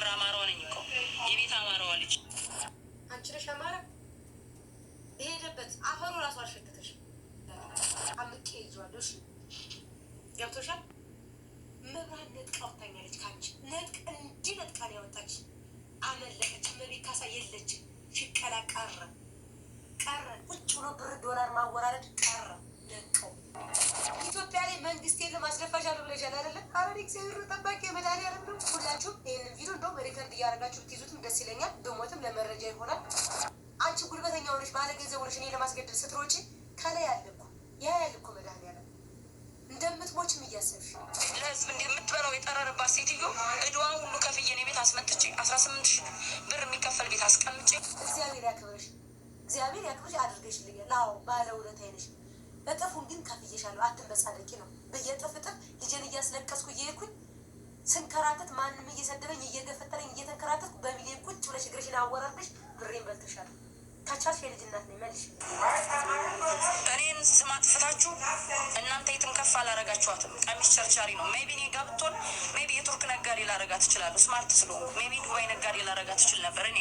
የምር አማራ ነኝ እኮ የቤት አማራዋ ልጅ አንቺ ነሽ አማራ። የሄደበት አፈሩ ራሱ አሸተተሽ አምቄ ይዟለሽ ገብቶሻል። መብራን ነጥቃ ወታኛለች ካንቺ ነጥቅ እንዲህ ነጥቃን ያወጣች አመለጠች። መቤት ካሳ የለች ሽቀላ ቀረ ቀረ ቁጭ ብሎ ብር ዶላር ማወራረድ ቀረ ነቀው ኢትዮጵያ ላይ መንግስት የለም አስደፋሻለሁ ብለሻል አይደለም? አረ እግዚአብሔር ጠባቂ የመድኃኒዓለም ነው። ሁላችሁም ይህንን ቪዲዮ እንደውም ሪከርድ እያደረጋችሁ ትይዙትም ደስ ይለኛል። ብሞትም ለመረጃ ይሆናል። አንቺ ጉልበተኛ ሆነሽ ባለ ገንዘብ እኔ ለማስገደል ስትሮጪ ከላይ አለ ያ ያለ እኮ መድኃኒዓለም እንደምትሞችም እያሰብሽ ለህዝብ እንደምትበላው የጠረረባት ሴትዮ እድዋ ሁሉ ከፍዬ እኔ ቤት አስመጥቼ አስራ ስምንት ሺህ ብር የሚከፈል ቤት አስቀምጬ እግዚአብሔር ያክብርሽ፣ እግዚአብሔር ያክብርሽ አድርገሽልኛል። አዎ ባለ ውለታ እጥፉን ግን ከፍዬሻለሁ አትመጻደቂ ነው ብዬ እጥፍ እጥፍ ልጄን እያስለቀስኩ እየሄድኩኝ ስንከራተት ማንም እየሰደበኝ እየገፈተረኝ እየተንከራተትኩ በሚሊዮን ቁጭ ብለሽ እግርሽን አወራርደሽ ብሬን በልተሻለሁ። ከቻልሽ የልጅ እናት ነኝ መልሽ። እኔን ስም አጥፍታችሁ እናንተ የትም ከፍ አላረጋችኋትም። ቀሚስ ቸርቻሪ ነው። ሜቢ እኔ ጋ ብትሆን ሜቢ የቱርክ ነጋዴ ላረጋ ትችላሉ። ስማርት ስለሆንኩ ሜቢ ዱባይ ነጋዴ ላረጋ ትችል ነበር። እኔ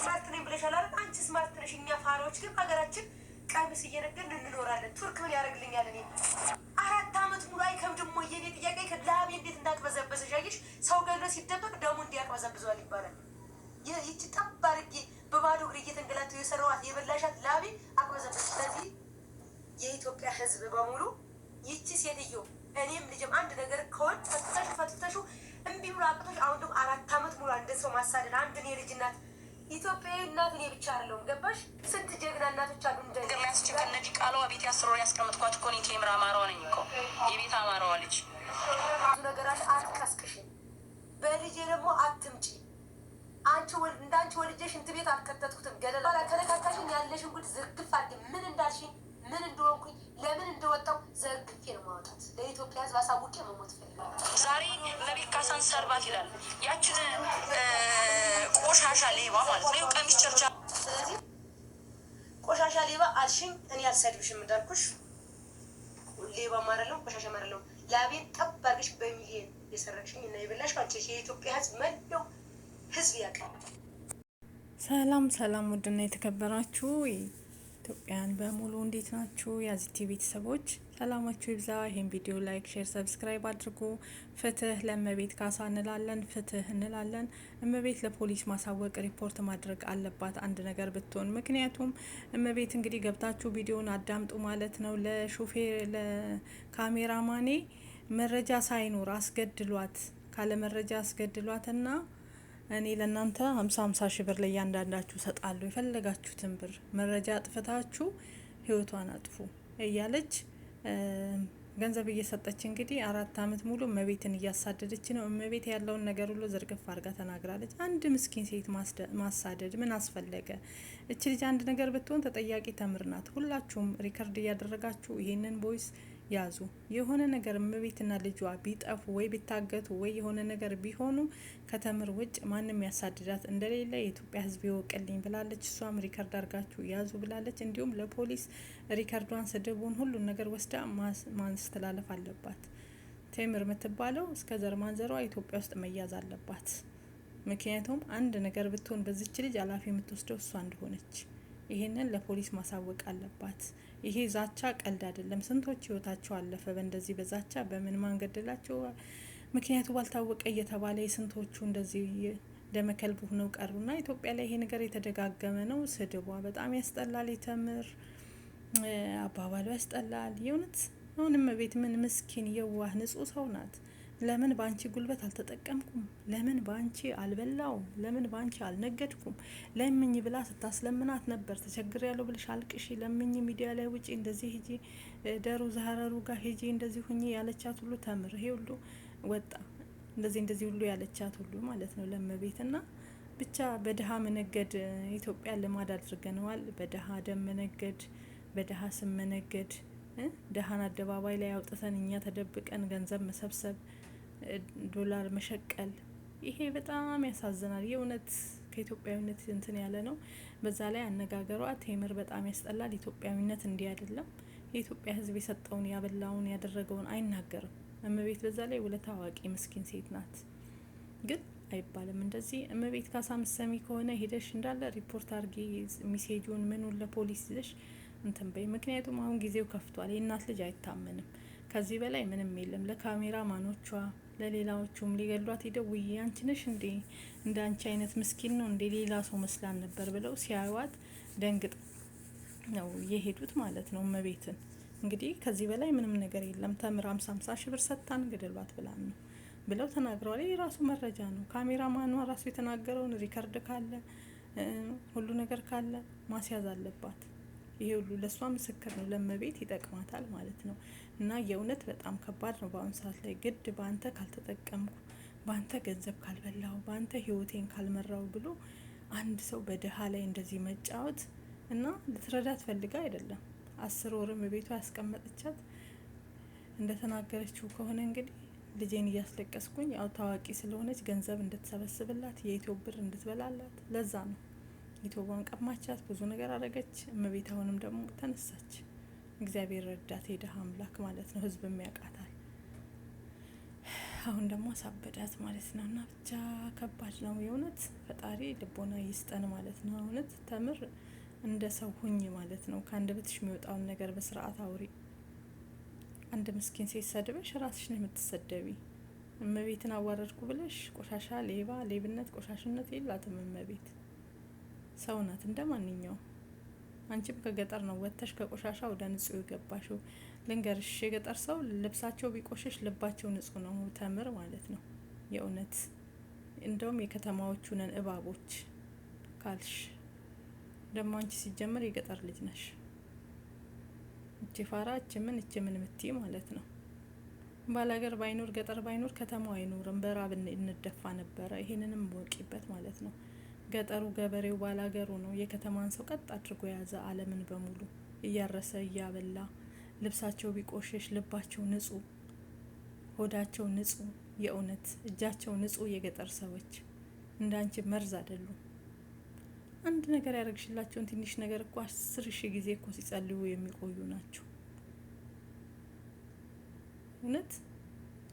ስማርት ነኝ ብለሻል። አንቺ ስማርት ነሽ። እኛ ፋራዎች ግን ሀገራችን ቀሚስ እየነገን እንኖራለን። ቱርክ ምን ያደርግልኛል? እኔ አራት አመት ሙሉ አይ ከምድሞ የኔ ጥያቄ ለአብ እንዴት እንዳቅበዘበዘሽ ሻይሽ ሰው ገድረ ሲደበቅ ደሙ እንዲያቅበዘብዟል ይባላል። ይህቺ ጠብ አድርጌ በባዶ እግር እየተንገላተው የሰራዋት የበላሻት ላቤ አቅበዘበዝ። ስለዚህ የኢትዮጵያ ህዝብ በሙሉ ይቺ ሴትዮ እኔም ልጅም አንድ ነገር ከሆን ፈትተሹ ፈትተሹ እምቢ ብሎ አቅቶች አሁን ደግሞ አራት አመት ሙሉ አንድን ሰው ማሳደድ አንድን የልጅ እናት ኢትዮጵያዊ እናት እኔ ብቻ አለውም ገባሽ ቃለዋ ቤት ያስሮ ያስቀምጥኳት እኮ እኔ ቴምር አማራዋ ነኝ እኮ የቤት አማራዋ ልጅ ነገራሽ አትቀስቅሽ። በልጄ ደግሞ አትምጪ። አንቺ እንዳንቺ አንቺ ወልጄሽ እንትን ቤት አልከተትኩትም። ገደል ከነካካሽን ያለሽን ጉድ ዝርግፍ አድርጊ። ምን እንዳልሽኝ፣ ምን እንደሆንኩኝ፣ ለምን እንደወጣው ዘርግፌ ነው ማውጣት። ለኢትዮጵያ ሕዝብ አሳውቄ መሞት ፈልጋል። ዛሬ እመቤት ካሳን ሰርባት ይላል። ያችን ቆሻሻ ሌባ ማለት ነው ቀሚስ ቸርቻ ቆሻሻ ሌባ አልሽኝ። እኔ አልሰድብሽም እንዳልኩሽ ሌባ ማረለው ቆሻሻ ማረለው ላቤን ጠብ በሚሊየን የሰረቅሽኝ እና የበላሽ አንቺ የኢትዮጵያ ህዝብ መለው ህዝብ ያውቃል። ሰላም ሰላም፣ ውድና የተከበራችሁ ኢትዮጵያን በሙሉ እንዴት ናችሁ? የአዚቲ ቤተሰቦች ሰላማችሁ ይብዛ። ይህን ቪዲዮ ላይክ፣ ሼር፣ ሰብስክራይብ አድርጉ። ፍትህ ለእመቤት ካሳ እንላለን፣ ፍትህ እንላለን። እመቤት ለፖሊስ ማሳወቅ ሪፖርት ማድረግ አለባት አንድ ነገር ብትሆን። ምክንያቱም እመቤት እንግዲህ ገብታችሁ ቪዲዮን አዳምጡ ማለት ነው። ለሾፌር ለካሜራማኔ መረጃ ሳይኖር አስገድሏት ካለ መረጃ አስገድሏትና እኔ ለእናንተ ሀምሳ ሀምሳ ሺህ ብር ለእያንዳንዳችሁ ሰጣለሁ የፈለጋችሁትን ብር መረጃ አጥፍታችሁ ህይወቷን አጥፉ እያለች ገንዘብ እየሰጠች እንግዲህ አራት አመት ሙሉ እመቤትን እያሳደደች ነው። እመቤት ያለውን ነገር ሁሉ ዝርግፍ አድርጋ ተናግራለች። አንድ ምስኪን ሴት ማሳደድ ምን አስፈለገ? እች ልጅ አንድ ነገር ብትሆን ተጠያቂ ተምርናት ሁላችሁም ሪከርድ እያደረጋችሁ ይህንን ቦይስ ያዙ። የሆነ ነገር እመቤትና ልጇ ቢጠፉ ወይ ቢታገቱ ወይ የሆነ ነገር ቢሆኑ ከተምር ውጭ ማንም ያሳድዳት እንደሌለ የኢትዮጵያ ሕዝብ ይወቅልኝ ብላለች። እሷም ሪከርድ አድርጋችሁ ያዙ ብላለች። እንዲሁም ለፖሊስ ሪከርዷን፣ ስድቡን፣ ሁሉን ነገር ወስዳ ማስተላለፍ አለባት። ቴምር የምትባለው እስከ ዘር ማንዘሯ ኢትዮጵያ ውስጥ መያዝ አለባት። ምክንያቱም አንድ ነገር ብትሆን በዚች ልጅ ኃላፊ የምትወስደው እሷ እንደሆነች ይሄንን ለፖሊስ ማሳወቅ አለባት። ይሄ ዛቻ ቀልድ አይደለም። ስንቶች ህይወታቸው አለፈ በእንደዚህ በዛቻ በምን ማንገደላቸው ምክንያቱ ባልታወቀ እየተባለ የስንቶቹ እንደዚህ ደመከልብ ሆነው ቀሩና ኢትዮጵያ ላይ ይሄ ነገር የተደጋገመ ነው። ስድቧ በጣም ያስጠላል። የተምር አባባሉ ያስጠላል። የእውነት አሁንም ቤት ምን ምስኪን የዋህ ንጹህ ሰው ናት። ለምን በአንቺ ጉልበት አልተጠቀምኩም? ለምን በአንቺ አልበላውም? ለምን በአንቺ አልነገድኩም? ለምኝ ብላ ስታስለምናት ነበር። ተቸግር ያለው ብልሽ አልቅሺ፣ ለምኝ፣ ሚዲያ ላይ ውጪ፣ እንደዚህ ሂጂ፣ ደሩ ዛህረሩ ጋር ሂጂ፣ እንደዚህ ሁኚ ያለቻት ሁሉ ተምር፣ ይሄ ሁሉ ወጣ፣ እንደዚህ እንደዚህ ሁሉ ያለቻት ሁሉ ማለት ነው ለመቤት ና ብቻ በድሃ መነገድ ኢትዮጵያ ልማድ አድርገነዋል። በድሀ ደም መነገድ፣ በደሃ ስም መነገድ፣ ድሀን አደባባይ ላይ አውጥተን እኛ ተደብቀን ገንዘብ መሰብሰብ ዶላር መሸቀል ይሄ በጣም ያሳዝናል። የእውነት ከኢትዮጵያዊነት እንትን ያለ ነው። በዛ ላይ አነጋገሯ ቴምር በጣም ያስጠላል። ኢትዮጵያዊነት እንዲህ አይደለም። የኢትዮጵያ ሕዝብ የሰጠውን ያበላውን ያደረገውን አይናገርም። እመቤት በዛ ላይ ውለታ አዋቂ ምስኪን ሴት ናት። ግን አይባልም እንደዚህ። እመቤት ካሳ ምሰሚ ከሆነ ሄደሽ እንዳለ ሪፖርት አርጊ፣ ሚሴጁን ምኑን ለፖሊስ ይዘሽ እንትን በይ። ምክንያቱም አሁን ጊዜው ከፍቷል። የእናት ልጅ አይታመንም። ከዚህ በላይ ምንም የለም። ለካሜራ ማኖቿ ለሌላዎቹም ሊገሏት ሄደው ውይ አንቺ ነሽ እንዴ እንደ አንቺ አይነት ምስኪን ነው እንዴ ሌላ ሰው መስላን ነበር ብለው ሲያዩዋት ደንግጥ ነው የሄዱት ማለት ነው። እመቤትን እንግዲህ ከዚህ በላይ ምንም ነገር የለም ተምር አምሳ አምሳ ሺህ ብር ሰጥታን ግደሏት ብላን ነው ብለው ተናግረዋል። የራሱ መረጃ ነው። ካሜራ ማኗ ራሱ የተናገረውን ሪከርድ ካለ ሁሉ ነገር ካለ ማስያዝ አለባት። ይሄ ሁሉ ለእሷ ምስክር ነው፣ ለመቤት ይጠቅማታል ማለት ነው። እና የእውነት በጣም ከባድ ነው በአሁኑ ሰዓት ላይ ግድ በአንተ ካልተጠቀምኩ፣ በአንተ ገንዘብ ካልበላው በአንተ ህይወቴን ካልመራው ብሎ አንድ ሰው በድሃ ላይ እንደዚህ መጫወት እና ልትረዳት ፈልጋ አይደለም። አስር ወርም ቤቷ ያስቀመጠቻት እንደተናገረችው ከሆነ እንግዲህ ልጄን እያስለቀስኩኝ ያው ታዋቂ ስለሆነች ገንዘብ እንድትሰበስብላት የኢትዮ ብር እንድትበላላት ለዛ ነው ኢትዮጵያን ቀማቻት፣ ብዙ ነገር አረገች። እመቤት አሁንም ደግሞ ተነሳች። እግዚአብሔር ረዳት ሄደህ አምላክ ማለት ነው። ህዝብም ያውቃታል። አሁን ደግሞ አሳበዳት ማለት ነው። እና ብቻ ከባድ ነው የእውነት ፈጣሪ ልቦና ይስጠን ማለት ነው። እውነት ተምር እንደ ሰው ሁኝ ማለት ነው። ከአንደበትሽ የሚወጣውን ነገር በስርዓት አውሪ። አንድ ምስኪን ሴት ሰድበሽ ራስሽ ነው የምትሰደቢ። እመቤትን አዋረድኩ ብለሽ ቆሻሻ፣ ሌባ፣ ሌብነት፣ ቆሻሽነት የላትም እመቤት ሰው ናት እንደ ማንኛውም። አንቺም ከገጠር ነው ወጥተሽ ከቆሻሻ ወደ ንጹህ የገባሽው። ልንገርሽ የገጠር ሰው ልብሳቸው ቢቆሸሽ ልባቸው ንጹህ ነው። ተምር ማለት ነው የእውነት እንደውም የከተማዎቹ ነን እባቦች ካልሽ ደግሞ አንቺ ሲጀምር የገጠር ልጅ ነሽ። እቺ ፋራ እቺ ምን እቺ ምን ምትይ ማለት ነው። ባላገር ባይኖር ገጠር ባይኖር ከተማው አይኖርም። በራብ እንደፋ ነበረ። ይሄንንም ወቂበት ማለት ነው። ገጠሩ ገበሬው ባላገሩ ነው። የከተማን ሰው ቀጥ አድርጎ የያዘ ዓለምን በሙሉ እያረሰ እያበላ ልብሳቸው ቢቆሸሽ ልባቸው ንጹህ፣ ሆዳቸው ንጹህ የእውነት እጃቸው ንጹህ። የገጠር ሰዎች እንዳንቺ መርዝ አይደሉም። አንድ ነገር ያደረግሽላቸውን ትንሽ ነገር እኮ አስር ሺ ጊዜ እኮ ሲጸልዩ የሚቆዩ ናቸው እውነት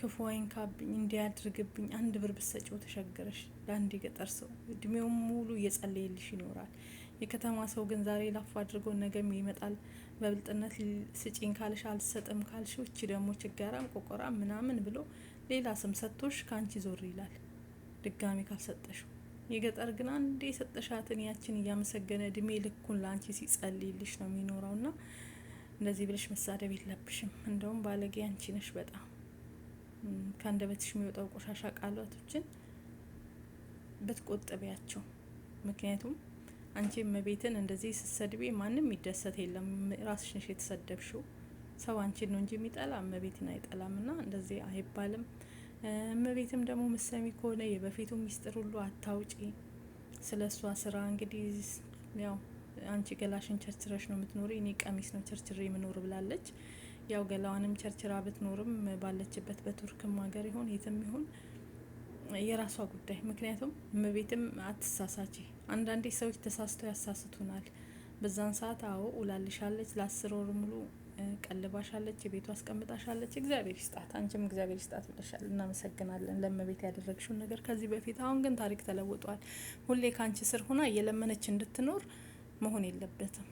ክፉ አይንካብኝ እንዲያድርግብኝ አንድ ብር ብሰጪው ተሸገረሽ ለአንድ የገጠር ሰው እድሜውም ሙሉ እየጸለየልሽ ይኖራል። የከተማ ሰው ግን ዛሬ ላፉ አድርጎ ነገም ይመጣል። በብልጥነት ስጪኝ ካልሽ አልሰጥም ካልሽ እቺ ደግሞ ችጋራም ቆቆራም ምናምን ብሎ ሌላ ስም ሰጥቶሽ ከአንቺ ዞር ይላል። ድጋሚ ካልሰጠሽው የገጠር ግን አንዴ የሰጠሻትን ያችን እያመሰገነ እድሜ ልኩን ለአንቺ ሲጸልይልሽ ነው ና እንደዚህ ብለሽ መሳደብ የለብሽም። እንደውም ባለጌ አንቺ ነሽ በጣም ከአንደበትሽ የሚወጣው ቆሻሻ ቃላቶችን ብትቆጥቢያቸው። ምክንያቱም አንቺ እመቤትን እንደዚህ ስትሰድቤ ማንም ይደሰት የለም። ራስሽ ነሽ የተሰደብሽው። ሰው አንቺን ነው እንጂ የሚጠላ እመቤትን አይጠላም። ና እንደዚህ አይባልም። እመቤትም ደግሞ ምሰሚ ከሆነ የበፊቱ ሚስጥር ሁሉ አታውጪ። ስለ እሷ ስራ እንግዲህ ያው አንቺ ገላሽን ቸርችረሽ ነው የምትኖሪ፣ እኔ ቀሚስ ነው ቸርችሬ የምኖር ብላለች። ያው ገላዋንም ቸርችራ ብትኖርም ባለችበት በቱርክም ሀገር ይሁን የትም ይሁን የራሷ ጉዳይ። ምክንያቱም እመቤትም አትሳሳች። አንዳንዴ ሰዎች ተሳስተው ያሳስቱናል። በዛን ሰዓት አዎ ውላልሻለች፣ ለአስር ወር ሙሉ ቀልባሻለች፣ የቤቱ አስቀምጣሻለች። እግዚአብሔር ይስጣት፣ አንቺም እግዚአብሔር ይስጣት ብለሻል። እናመሰግናለን ለእመቤት ያደረግሽውን ነገር ከዚህ በፊት። አሁን ግን ታሪክ ተለውጧል። ሁሌ ከአንቺ ስር ሆና እየለመነች እንድትኖር መሆን የለበትም።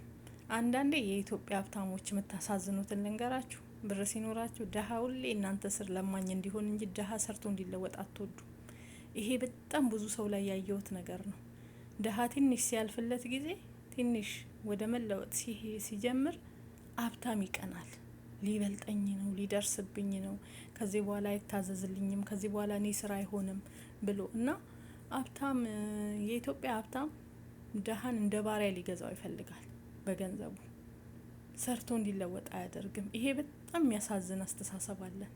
አንዳንዴ የኢትዮጵያ ሀብታሞች የምታሳዝኑትን ልንገራችሁ። ብር ሲኖራችሁ ድሀ ሁሌ እናንተ ስር ለማኝ እንዲሆን እንጂ ድሀ ሰርቶ እንዲለወጥ አትወዱ። ይሄ በጣም ብዙ ሰው ላይ ያየሁት ነገር ነው። ድሀ ትንሽ ሲያልፍለት ጊዜ ትንሽ ወደ መለወጥ ሲጀምር ሀብታም ይቀናል። ሊበልጠኝ ነው፣ ሊደርስብኝ ነው፣ ከዚህ በኋላ አይታዘዝልኝም፣ ከዚህ በኋላ እኔ ስራ አይሆንም ብሎ እና ሀብታም የኢትዮጵያ ሀብታም ድሀን እንደ ባሪያ ሊገዛው ይፈልጋል። በገንዘቡ ሰርቶ እንዲለወጥ አያደርግም። ይሄ በጣም የሚያሳዝን አስተሳሰብ አለን።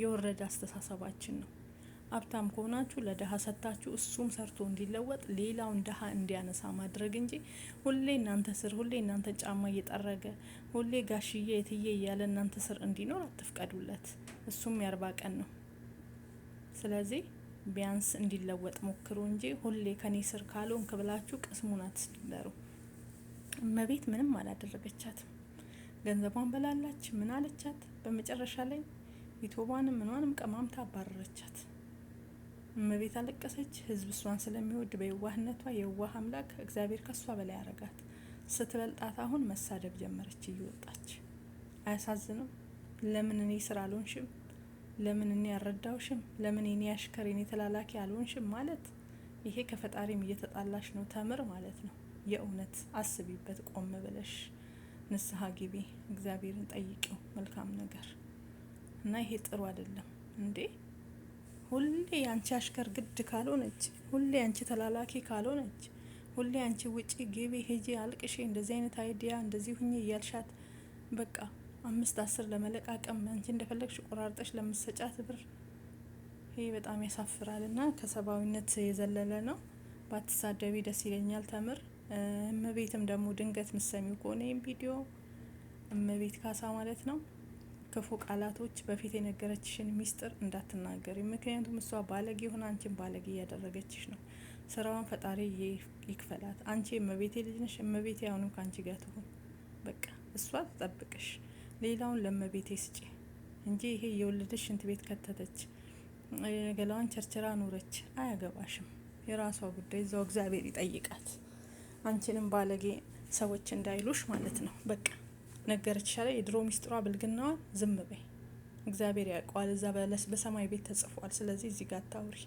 የወረደ አስተሳሰባችን ነው። ሀብታም ከሆናችሁ ለድሀ ሰጥታችሁ እሱም ሰርቶ እንዲለወጥ ሌላውን ድሀ እንዲያነሳ ማድረግ እንጂ ሁሌ እናንተ ስር ሁሌ እናንተ ጫማ እየጠረገ ሁሌ ጋሽዬ የትዬ እያለ እናንተ ስር እንዲኖር አትፍቀዱለት። እሱም የአርባ ቀን ነው። ስለዚህ ቢያንስ እንዲለወጥ ሞክሩ እንጂ ሁሌ ከኔ ስር ካልሆንክ ብላችሁ ቅስሙን አትስደሩ። እመቤት ምንም አላደረገቻትም። ገንዘቧን በላላች፣ ምን አለቻት? በመጨረሻ ላይ ዊቶቧንም ምኗንም ቀማምታ አባረረቻት። እመቤት አለቀሰች። ህዝብ እሷን ስለሚወድ በየዋህነቷ የዋህ አምላክ እግዚአብሔር ከሷ በላይ አረጋት። ስትበልጣት አሁን መሳደብ ጀመረች እየወጣች። አያሳዝንም? ለምን እኔ ስራ አልሆንሽም? ለምን እኔ ያረዳውሽም? ለምን እኔ አሽከር እኔ ተላላኪ አልሆንሽም? ማለት ይሄ ከፈጣሪም እየተጣላሽ ነው ተምር ማለት ነው። የእውነት አስቢበት፣ ቆም ብለሽ ንስሐ ግቢ፣ እግዚአብሔርን ጠይቂው መልካም ነገር እና ይሄ ጥሩ አይደለም እንዴ። ሁሌ ያንቺ አሽከር ግድ ካልሆነች፣ ሁሌ ያንቺ ተላላኪ ካልሆነች፣ ሁሌ ያንቺ ውጪ ግቢ፣ ሄጂ አልቅሽ፣ እንደዚህ አይነት አይዲያ እንደዚህ ሁኚ እያልሻት በቃ አምስት አስር ለመለቃቀም አንቺ እንደፈለግሽ ቆራርጠሽ ለምሰጫት ብር ይህ በጣም ያሳፍራል እና ከሰብአዊነት የዘለለ ነው። ባትሳደቢ ደስ ይለኛል። ተምር እመቤትም ደግሞ ድንገት ምሰሚው ከሆነ ይህም ቪዲዮ እመቤት ካሳ ማለት ነው ክፉ ቃላቶች በፊት የነገረችሽን ሚስጥር እንዳትናገሪ። ምክንያቱም እሷ ባለጌ ሆና አንቺን ባለጌ እያደረገችሽ ነው። ስራዋን ፈጣሪ ይክፈላት። አንቺ እመቤቴ ልጅ ነሽ። እመቤቴ አሁንም ከአንቺ ጋር ትሁን። በቃ እሷ ትጠብቅሽ፣ ሌላውን ለእመቤቴ ስጪ እንጂ ይሄ የወለደች ሽንት ቤት ከተተች ገላዋን ቸርችራ ኑረች አያገባሽም። የራሷ ጉዳይ እዛው እግዚአብሔር ይጠይቃት። አንቺንም ባለጌ ሰዎች እንዳይሉሽ ማለት ነው። በቃ ነገረች ሻለ የድሮ ሚስጥሯ ብልግናዋ። ዝም በይ እግዚአብሔር ያውቀዋል። እዛ በለስ በሰማይ ቤት ተጽፏል። ስለዚህ እዚህ ጋር አታውሪ።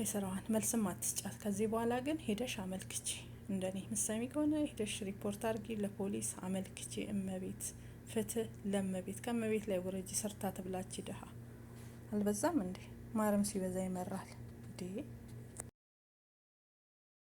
የስራዋን መልስም አትስጫት። ከዚህ በኋላ ግን ሄደሽ አመልክቼ እንደኔ ምሳሚ ከሆነ ሄደሽ ሪፖርት አርጊ ለፖሊስ አመልክቼ። እመቤት ፍትህ ለመቤት ከመቤት ላይ ውረጂ። ሰርታ ትብላች ድሀ አልበዛም እንዴ? ማረም ሲበዛ ይመራል እንዴ?